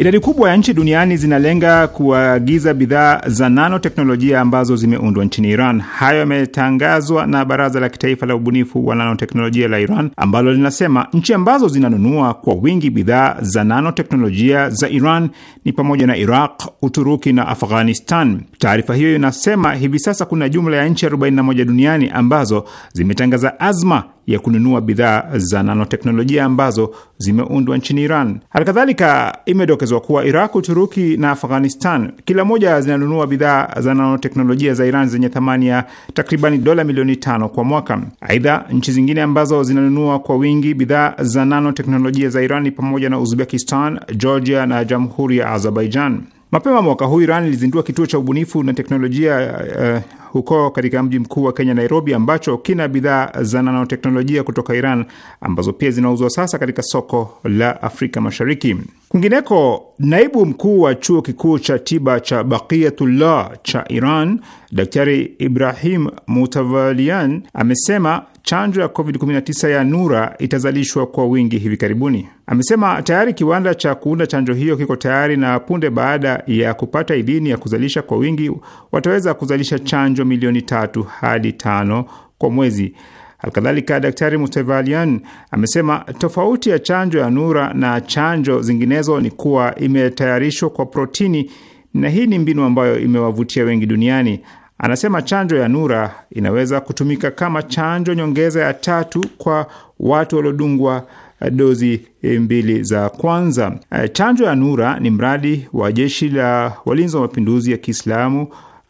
[SPEAKER 4] Idadi kubwa ya nchi duniani zinalenga kuagiza bidhaa za nanoteknolojia ambazo zimeundwa nchini Iran. Hayo yametangazwa na Baraza la Kitaifa la Ubunifu wa Nanoteknolojia la Iran ambalo linasema nchi ambazo zinanunua kwa wingi bidhaa za nanoteknolojia za Iran ni pamoja na Iraq, Uturuki na Afghanistan. Taarifa hiyo inasema hivi sasa kuna jumla ya nchi 41 duniani ambazo zimetangaza azma ya kununua bidhaa za nanoteknolojia ambazo zimeundwa nchini Iran. Halikadhalika, imedokezwa kuwa Iraq, Uturuki na Afghanistan kila moja zinanunua bidhaa za nanoteknolojia za Iran zenye thamani ya takribani dola milioni tano kwa mwaka. Aidha, nchi zingine ambazo zinanunua kwa wingi bidhaa za nanoteknolojia za Iran ni pamoja na Uzbekistan, Georgia na Jamhuri ya Azerbaijan. Mapema mwaka huu Iran ilizindua kituo cha ubunifu na teknolojia eh, huko katika mji mkuu wa Kenya, Nairobi, ambacho kina bidhaa za nanoteknolojia kutoka Iran ambazo pia zinauzwa sasa katika soko la Afrika Mashariki. Kwingineko, naibu mkuu wa chuo kikuu cha tiba cha Baqiyatullah cha Iran, Daktari Ibrahim Mutavalian amesema chanjo ya COVID-19 ya Nura itazalishwa kwa wingi hivi karibuni. Amesema tayari kiwanda cha kuunda chanjo hiyo kiko tayari na punde baada ya kupata idhini ya kuzalisha kwa wingi wataweza kuzalisha chanjo milioni tatu hadi tano kwa mwezi. Alkadhalika, Daktari Mustevalian amesema tofauti ya chanjo ya Nura na chanjo zinginezo ni kuwa imetayarishwa kwa protini, na hii ni mbinu ambayo imewavutia wengi duniani. Anasema chanjo ya Nura inaweza kutumika kama chanjo nyongeza ya tatu kwa watu waliodungwa eh, dozi eh, mbili za kwanza. Eh, chanjo ya Nura ni mradi wa jeshi la walinzi wa mapinduzi ya Kiislamu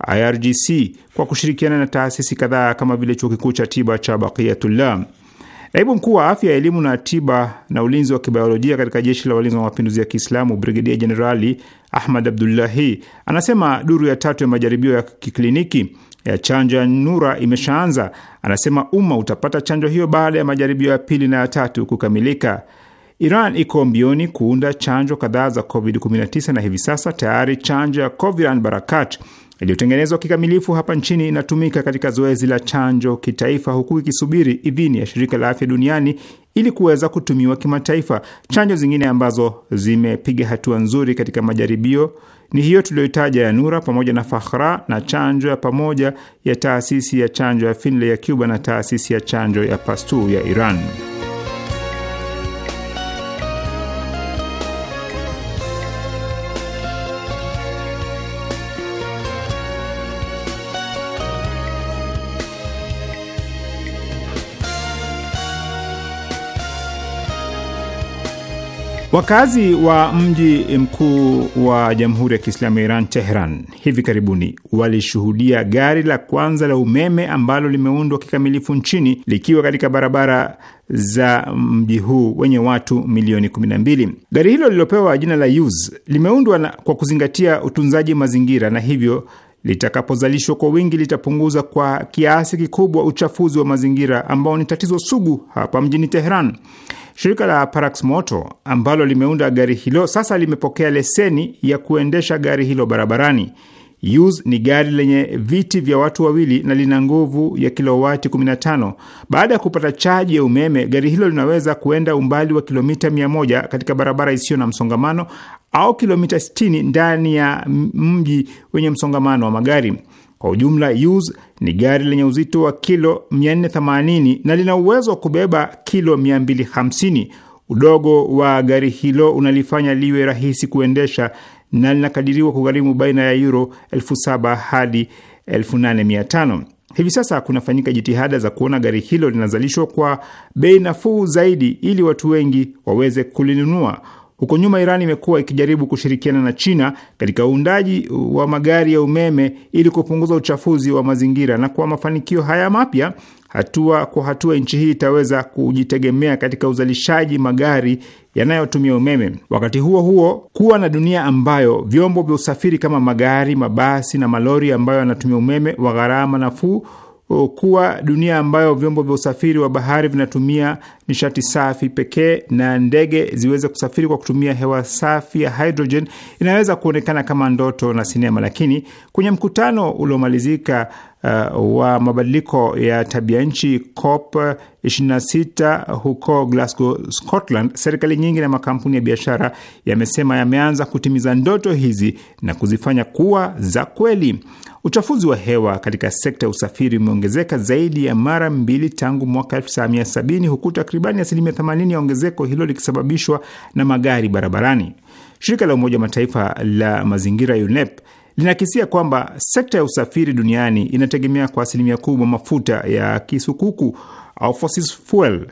[SPEAKER 4] IRGC kwa kushirikiana na taasisi kadhaa kama vile chuo kikuu cha tiba cha Baqiyatullah. Naibu mkuu wa afya ya elimu na tiba na ulinzi wa kibiolojia katika jeshi la walinzi wa mapinduzi ya Kiislamu, Brigedia Jenerali Ahmad Abdullahi anasema duru ya tatu ya majaribio ya kikliniki ya chanjo ya Nura imeshaanza. Anasema umma utapata chanjo hiyo baada ya majaribio ya pili na ya tatu kukamilika. Iran iko mbioni kuunda chanjo kadhaa za COVID-19 na hivi sasa tayari chanjo ya Coviran Barakat iliyotengenezwa kikamilifu hapa nchini inatumika katika zoezi la chanjo kitaifa, huku ikisubiri idhini ya shirika la afya duniani ili kuweza kutumiwa kimataifa. Chanjo zingine ambazo zimepiga hatua nzuri katika majaribio ni hiyo tuliyoitaja ya Nura pamoja na Fakhra na chanjo ya pamoja ya taasisi ya chanjo ya Finlay ya Cuba na taasisi ya chanjo ya Pasteur ya Iran. Wakazi wa mji mkuu wa Jamhuri ya Kiislamu ya Iran, Tehran, hivi karibuni walishuhudia gari la kwanza la umeme ambalo limeundwa kikamilifu nchini likiwa katika barabara za mji huu wenye watu milioni 12. Gari hilo lililopewa jina la Yuz limeundwa na, kwa kuzingatia utunzaji mazingira na hivyo litakapozalishwa kwa wingi litapunguza kwa kiasi kikubwa uchafuzi wa mazingira ambao ni tatizo sugu hapa mjini teheran Shirika la Paraxmoto ambalo limeunda gari hilo sasa limepokea leseni ya kuendesha gari hilo barabarani. Yuz ni gari lenye viti vya watu wawili na lina nguvu ya kilowati 15. Baada ya kupata chaji ya umeme, gari hilo linaweza kuenda umbali wa kilomita 100 katika barabara isiyo na msongamano au kilomita 60 ndani ya mji wenye msongamano wa magari. Kwa ujumla Yuz ni gari lenye uzito wa kilo 480 na lina uwezo wa kubeba kilo 250. Udogo wa gari hilo unalifanya liwe rahisi kuendesha na linakadiriwa kugharimu baina ya euro 7000 hadi 8500. Hivi sasa kunafanyika jitihada za kuona gari hilo linazalishwa kwa bei nafuu zaidi ili watu wengi waweze kulinunua. Huko nyuma, Iran imekuwa ikijaribu kushirikiana na China katika uundaji wa magari ya umeme ili kupunguza uchafuzi wa mazingira, na kwa mafanikio haya mapya, hatua kwa hatua, nchi hii itaweza kujitegemea katika uzalishaji magari yanayotumia umeme. Wakati huo huo, kuwa na dunia ambayo vyombo vya usafiri kama magari, mabasi na malori ambayo yanatumia umeme wa gharama nafuu kuwa dunia ambayo vyombo vya usafiri wa bahari vinatumia nishati safi pekee na ndege ziweze kusafiri kwa kutumia hewa safi ya hydrogen inaweza kuonekana kama ndoto na sinema, lakini kwenye mkutano uliomalizika uh, wa mabadiliko ya tabia nchi COP 26 huko Glasgow, Scotland, serikali nyingi na makampuni ya biashara yamesema yameanza kutimiza ndoto hizi na kuzifanya kuwa za kweli. Uchafuzi wa hewa katika sekta ya usafiri umeongezeka zaidi ya mara mbili tangu mwaka 1970 huku takribani asilimia 80 ya ongezeko hilo likisababishwa na magari barabarani. Shirika la Umoja wa Mataifa la mazingira UNEP linakisia kwamba sekta ya usafiri duniani inategemea kwa asilimia kubwa mafuta ya kisukuku au fossil fuel.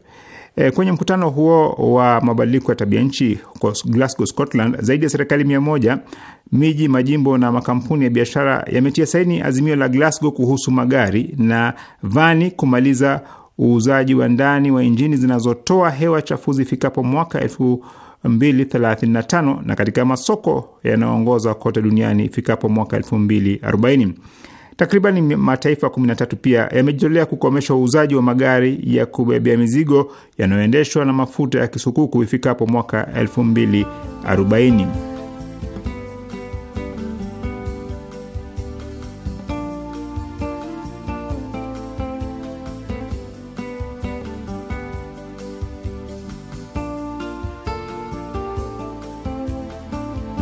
[SPEAKER 4] E, kwenye mkutano huo wa mabadiliko ya tabia nchi kwa Glasgow, Scotland, zaidi ya serikali mia moja, miji, majimbo na makampuni ya biashara yametia saini azimio la Glasgow kuhusu magari na vani kumaliza uuzaji wa ndani wa injini zinazotoa hewa chafuzi ifikapo mwaka elfu 2035 na katika masoko yanayoongoza kote duniani ifikapo mwaka 2040. Takriban mataifa 13 pia yamejitolea kukomesha uuzaji wa magari ya kubebea mizigo yanayoendeshwa na mafuta ya kisukuku ifikapo mwaka 2040.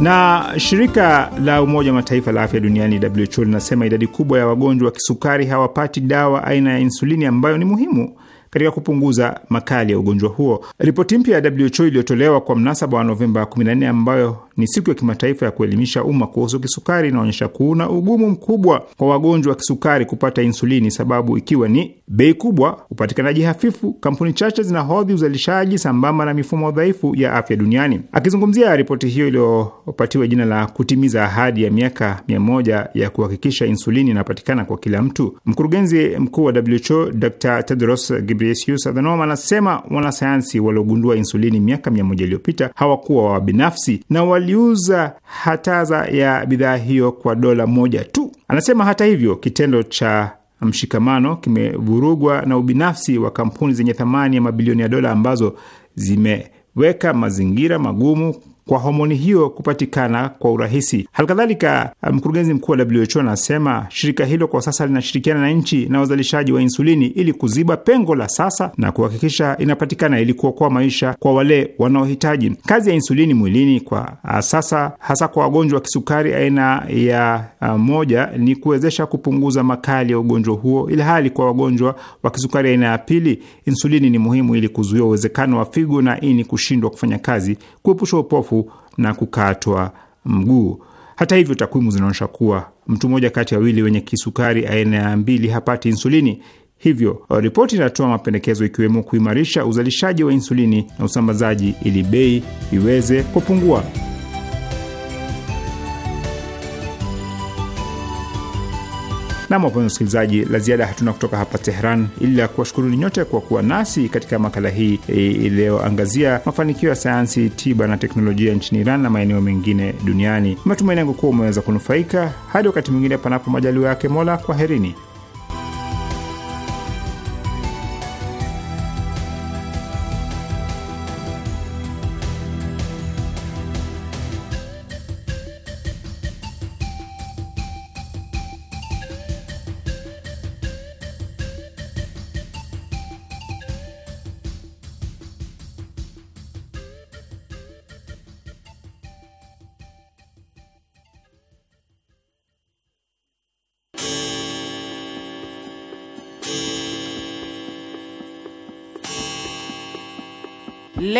[SPEAKER 4] Na shirika la Umoja wa Mataifa la afya duniani WHO linasema idadi kubwa ya wagonjwa wa kisukari hawapati dawa aina ya insulini ambayo ni muhimu katika kupunguza makali ya ugonjwa huo. Ripoti mpya ya WHO iliyotolewa kwa mnasaba wa Novemba 14 ambayo ni siku ya kimataifa ya kuelimisha umma kuhusu kisukari, inaonyesha kuna ugumu mkubwa kwa wagonjwa wa kisukari kupata insulini, sababu ikiwa ni bei kubwa, upatikanaji hafifu, kampuni chache zinahodhi uzalishaji sambamba na mifumo dhaifu ya afya duniani. Akizungumzia ripoti hiyo iliyopatiwa jina la kutimiza ahadi ya miaka mia moja ya kuhakikisha insulini inapatikana kwa kila mtu, mkurugenzi mkuu wa WHO Dr Tedros Ghebreyesus Adhanom anasema wanasayansi waliogundua insulini miaka mia moja iliyopita hawakuwa wa binafsi na wali waliuza hataza ya bidhaa hiyo kwa dola moja tu. Anasema hata hivyo, kitendo cha mshikamano kimevurugwa na ubinafsi wa kampuni zenye thamani ya mabilioni ya dola ambazo zimeweka mazingira magumu kwa homoni hiyo kupatikana kwa urahisi. Halikadhalika, mkurugenzi mkuu wa WHO anasema shirika hilo kwa sasa linashirikiana na nchi na wazalishaji wa insulini ili kuziba pengo la sasa na kuhakikisha inapatikana ili kuokoa maisha kwa wale wanaohitaji. Kazi ya insulini mwilini kwa sasa, hasa kwa wagonjwa wa kisukari aina ya moja, ni kuwezesha kupunguza makali ya ugonjwa huo, ili hali kwa wagonjwa wa kisukari aina ya pili, insulini ni muhimu ili kuzuia uwezekano wa figo na ini kushindwa kufanya kazi, kuepusha upofu mkufu na kukatwa mguu. Hata hivyo, takwimu zinaonyesha kuwa mtu mmoja kati ya wawili wenye kisukari aina ya mbili hapati insulini. Hivyo ripoti inatoa mapendekezo ikiwemo kuimarisha uzalishaji wa insulini na usambazaji ili bei iweze kupungua. Nam, wapenzi wasikilizaji, la ziada hatuna kutoka hapa Teheran ila kuwashukuruni nyote kwa kuwa nasi katika makala hii e, iliyoangazia mafanikio ya sayansi, tiba na teknolojia nchini Iran na maeneo mengine duniani. Matumaini yangu kuwa umeweza kunufaika. Hadi wakati mwingine, panapo majaliwa yake Mola, kwaherini.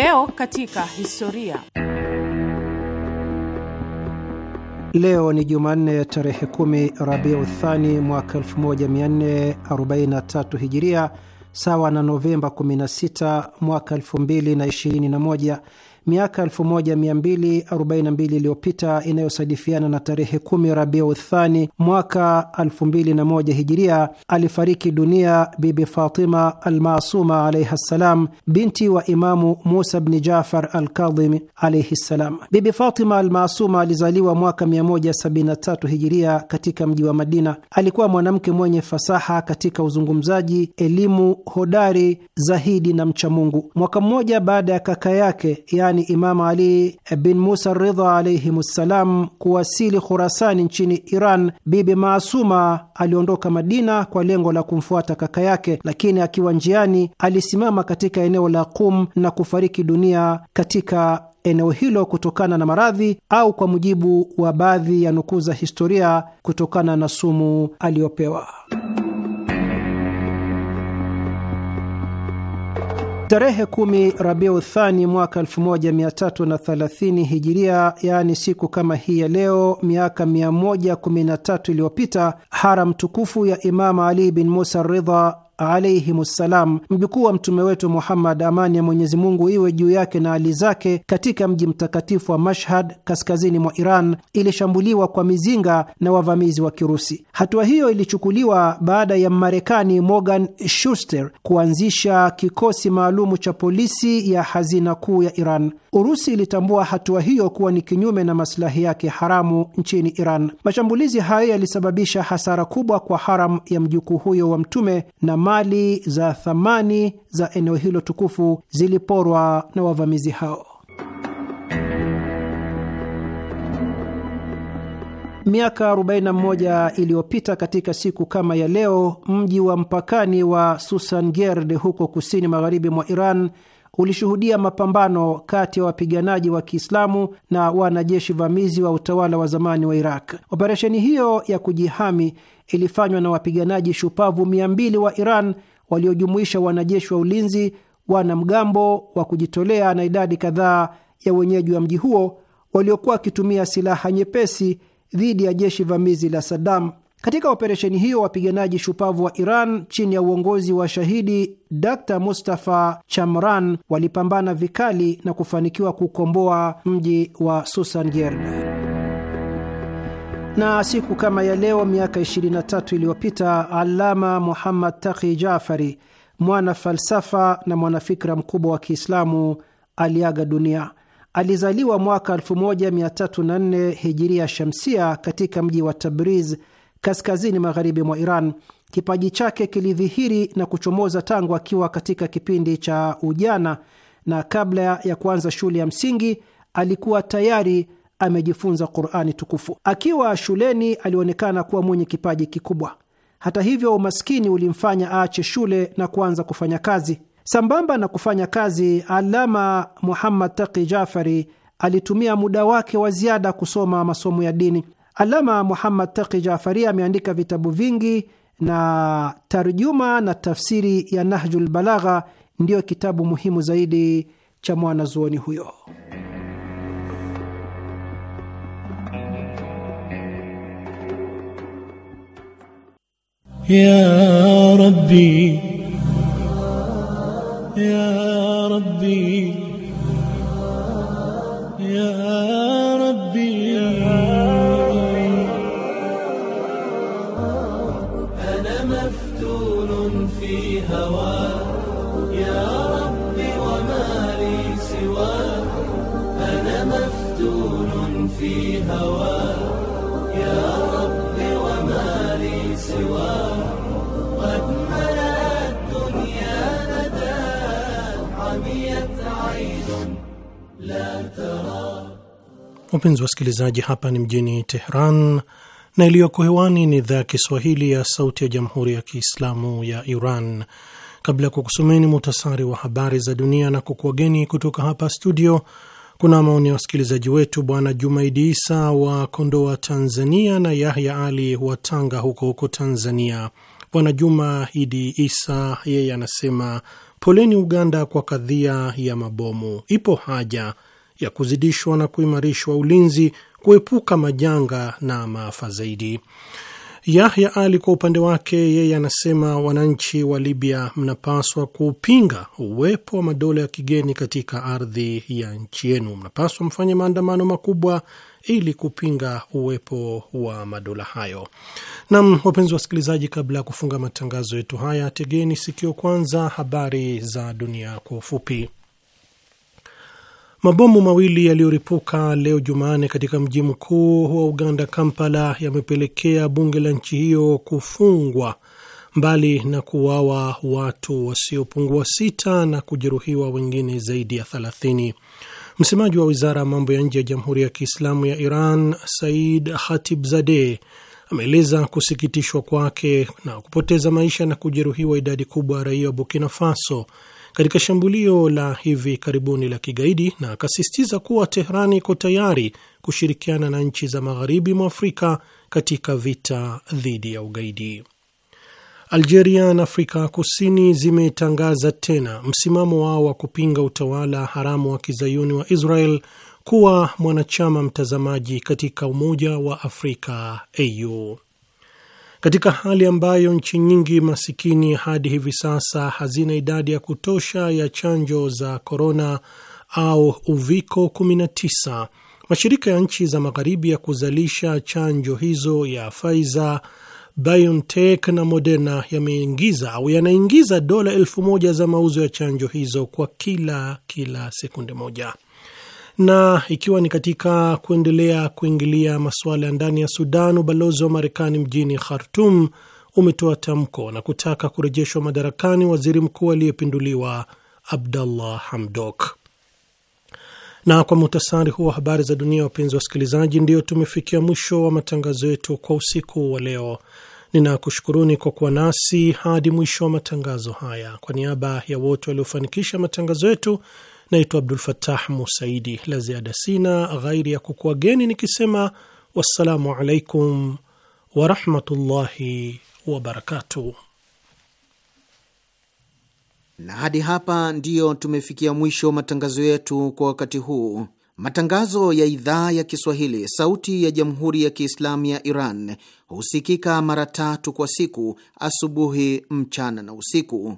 [SPEAKER 1] Leo katika historia.
[SPEAKER 5] Leo ni Jumanne tarehe kumi Rabiu Thani mwaka 1443 Hijiria, sawa na Novemba 16 mwaka 2021 miaka 1242 iliyopita inayosadifiana na tarehe kumi Rabiu Thani mwaka 2001 Hijiria, alifariki dunia Bibi Fatima Almasuma alaihi ssalam, binti wa Imamu Musa bni Jafar Alkadhim alaihi ssalam. Bibi Fatima Almasuma alizaliwa mwaka 173 Hijiria katika mji wa Madina. Alikuwa mwanamke mwenye fasaha katika uzungumzaji, elimu, hodari, zahidi na mchamungu. Mwaka mmoja baada ya kaka yake yani Khurasani Imamu Ali bin Musa Ridha alaihim ssalam. Kuwasili Khurasani nchini Iran, Bibi Maasuma aliondoka Madina kwa lengo la kumfuata kaka yake, lakini akiwa njiani alisimama katika eneo la Qum na kufariki dunia katika eneo hilo kutokana na maradhi au kwa mujibu wa baadhi ya nukuu za historia, kutokana na sumu aliyopewa. Tarehe kumi Rabiu Thani mwaka 1330 Hijiria, yaani siku kama hii ya leo miaka 113 iliyopita, haram tukufu ya imamu Ali bin Musa Ridha alaihimussalam, mjukuu wa mtume wetu Muhammad, amani ya Mwenyezi Mungu iwe juu yake na hali zake, katika mji mtakatifu wa Mashhad kaskazini mwa Iran ilishambuliwa kwa mizinga na wavamizi wa Kirusi. Hatua hiyo ilichukuliwa baada ya marekani Morgan Shuster kuanzisha kikosi maalumu cha polisi ya hazina kuu ya Iran. Urusi ilitambua hatua hiyo kuwa ni kinyume na masilahi yake haramu nchini Iran. Mashambulizi hayo yalisababisha hasara kubwa kwa haram ya mjukuu huyo wa mtume na mali za thamani za eneo hilo tukufu ziliporwa na wavamizi hao. Miaka 41 iliyopita katika siku kama ya leo, mji wa mpakani wa Susangerd huko kusini magharibi mwa Iran ulishuhudia mapambano kati ya wapiganaji wa Kiislamu na wanajeshi vamizi wa utawala wa zamani wa Iraq. Operesheni hiyo ya kujihami ilifanywa na wapiganaji shupavu 200 wa Iran waliojumuisha wanajeshi wa ulinzi, wanamgambo wa kujitolea na idadi kadhaa ya wenyeji wa mji huo waliokuwa wakitumia silaha nyepesi dhidi ya jeshi vamizi la Saddam. Katika operesheni hiyo wapiganaji shupavu wa Iran chini ya uongozi wa shahidi Dr Mustafa Chamran walipambana vikali na kufanikiwa kukomboa mji wa Susan Gerd. Na siku kama ya leo miaka 23 iliyopita Alama Muhammad Taqi Jafari, mwana falsafa na mwanafikra mkubwa wa Kiislamu aliaga dunia. Alizaliwa mwaka 1304 hijiria shamsia katika mji wa Tabriz, kaskazini magharibi mwa Iran. Kipaji chake kilidhihiri na kuchomoza tangu akiwa katika kipindi cha ujana, na kabla ya kuanza shule ya msingi alikuwa tayari amejifunza Qurani tukufu. Akiwa shuleni alionekana kuwa mwenye kipaji kikubwa. Hata hivyo, umaskini ulimfanya aache shule na kuanza kufanya kazi. Sambamba na kufanya kazi, Alama Muhammad Taqi Jafari alitumia muda wake wa ziada kusoma masomo ya dini. Alama Muhammad Taqi Jafari ameandika vitabu vingi na tarjuma na tafsiri ya Nahjul Balagha ndiyo kitabu muhimu zaidi cha mwanazuoni huyo.
[SPEAKER 2] يا ربي يا ربي Wapenzi wasikilizaji, hapa ni mjini Tehran na iliyoko hewani ni idhaa ya Kiswahili ya Sauti ya Jamhuri ya Kiislamu ya Iran. Kabla ya kukusomeni muhtasari wa habari za dunia na kukuageni kutoka hapa studio, kuna maoni ya wasikilizaji wetu Bwana Jumaidi Isa wa Kondoa, Tanzania na Yahya Ali wa Tanga huko huko Tanzania. Bwana Juma Idi Isa yeye anasema poleni Uganda kwa kadhia ya mabomu, ipo haja ya kuzidishwa na kuimarishwa ulinzi, kuepuka majanga na maafa zaidi. Yahya Ali kwa upande wake, yeye anasema wananchi wa Libya mnapaswa kupinga uwepo wa madola ya kigeni katika ardhi ya nchi yenu. Mnapaswa mfanye maandamano makubwa ili kupinga uwepo wa madola hayo. Nam, wapenzi wasikilizaji, kabla ya kufunga matangazo yetu haya, tegeni sikio kwanza habari za dunia kwa ufupi. Mabomu mawili yaliyoripuka leo Jumanne katika mji mkuu wa Uganda, Kampala, yamepelekea bunge la nchi hiyo kufungwa mbali na kuuawa watu wasiopungua sita na kujeruhiwa wengine zaidi ya thelathini. Msemaji wa wizara ya mambo ya nje ya Jamhuri ya Kiislamu ya Iran, Said zade ameeleza kusikitishwa kwake na kupoteza maisha na kujeruhiwa idadi kubwa ya raia wa Burkina Faso katika shambulio la hivi karibuni la kigaidi na akasisitiza kuwa teherani iko tayari kushirikiana na nchi za magharibi mwa Afrika katika vita dhidi ya ugaidi. Algeria na Afrika Kusini zimetangaza tena msimamo wao wa kupinga utawala haramu wa kizayuni wa Israel kuwa mwanachama mtazamaji katika Umoja wa Afrika au katika hali ambayo nchi nyingi masikini hadi hivi sasa hazina idadi ya kutosha ya chanjo za korona au uviko 19, mashirika ya nchi za magharibi ya kuzalisha chanjo hizo ya Pfizer, BioNTech na Moderna yameingiza au yanaingiza dola elfu moja za mauzo ya chanjo hizo kwa kila kila sekunde moja. Na ikiwa ni katika kuendelea kuingilia masuala ya ndani ya Sudan, ubalozi wa Marekani mjini Khartum umetoa tamko na kutaka kurejeshwa madarakani waziri mkuu aliyepinduliwa Abdallah Hamdok. Na kwa muhtasari huu wa habari za dunia, wapenzi wa wasikilizaji, ndio tumefikia mwisho wa matangazo yetu kwa usiku wa leo. Ninakushukuruni kwa kuwa nasi hadi mwisho wa matangazo haya. Kwa niaba ya wote waliofanikisha matangazo yetu Naitwa Abdul Fatah Musaidi. La ziada sina ghairi ya kukuageni nikisema wassalamu alaikum warahmatullahi wabarakatuh.
[SPEAKER 7] Na hadi hapa ndiyo tumefikia mwisho matangazo yetu kwa wakati huu. Matangazo ya idhaa ya Kiswahili sauti ya jamhuri ya Kiislamu ya Iran husikika mara tatu kwa siku: asubuhi, mchana na usiku.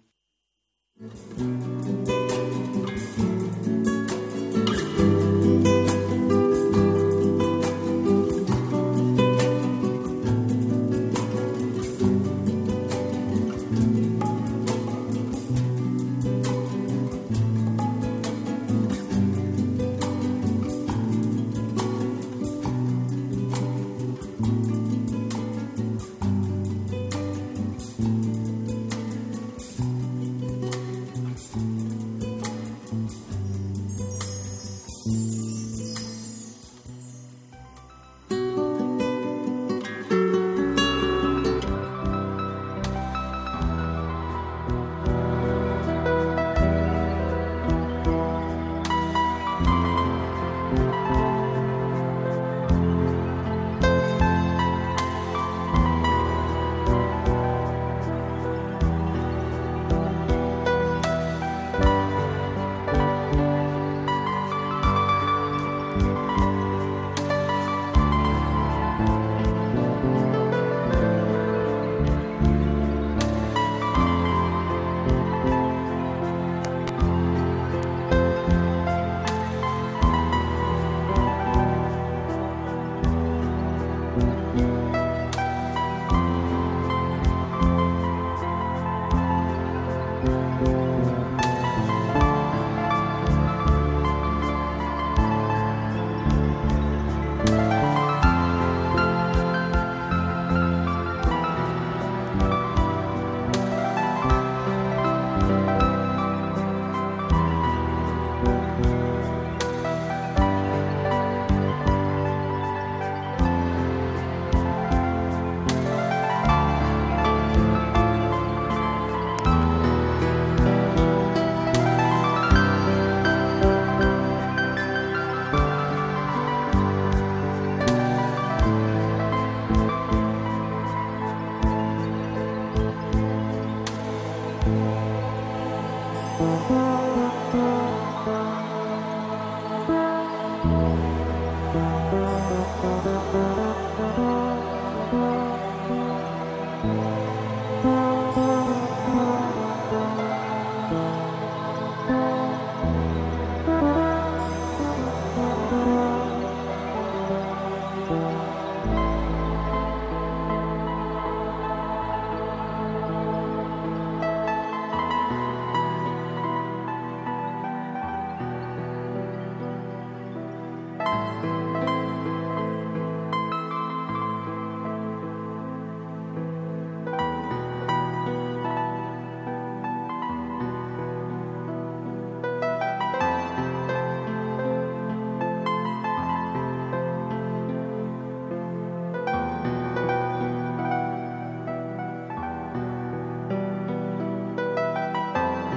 [SPEAKER 7] Thank you.